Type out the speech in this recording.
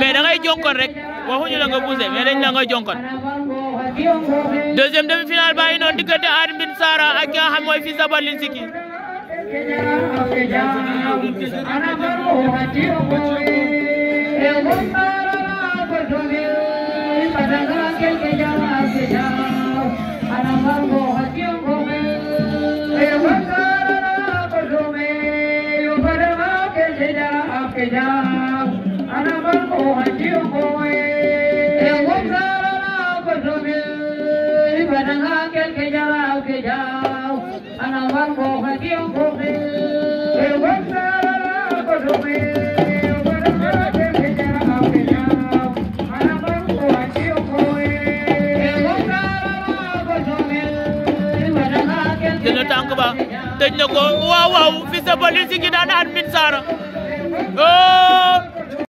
mais da ngay jokkoon rek waxuñu la nga poussé mais dañ la nga deuxième demi-finale baa ngi noonu diggante Sara ak nga xam i a fida ana barko hanji kowai yawon rana ku dobe badan hakan ba tëj na ko waaw waaw Fils de Baol Sigi daan na Alioune Sarr oh!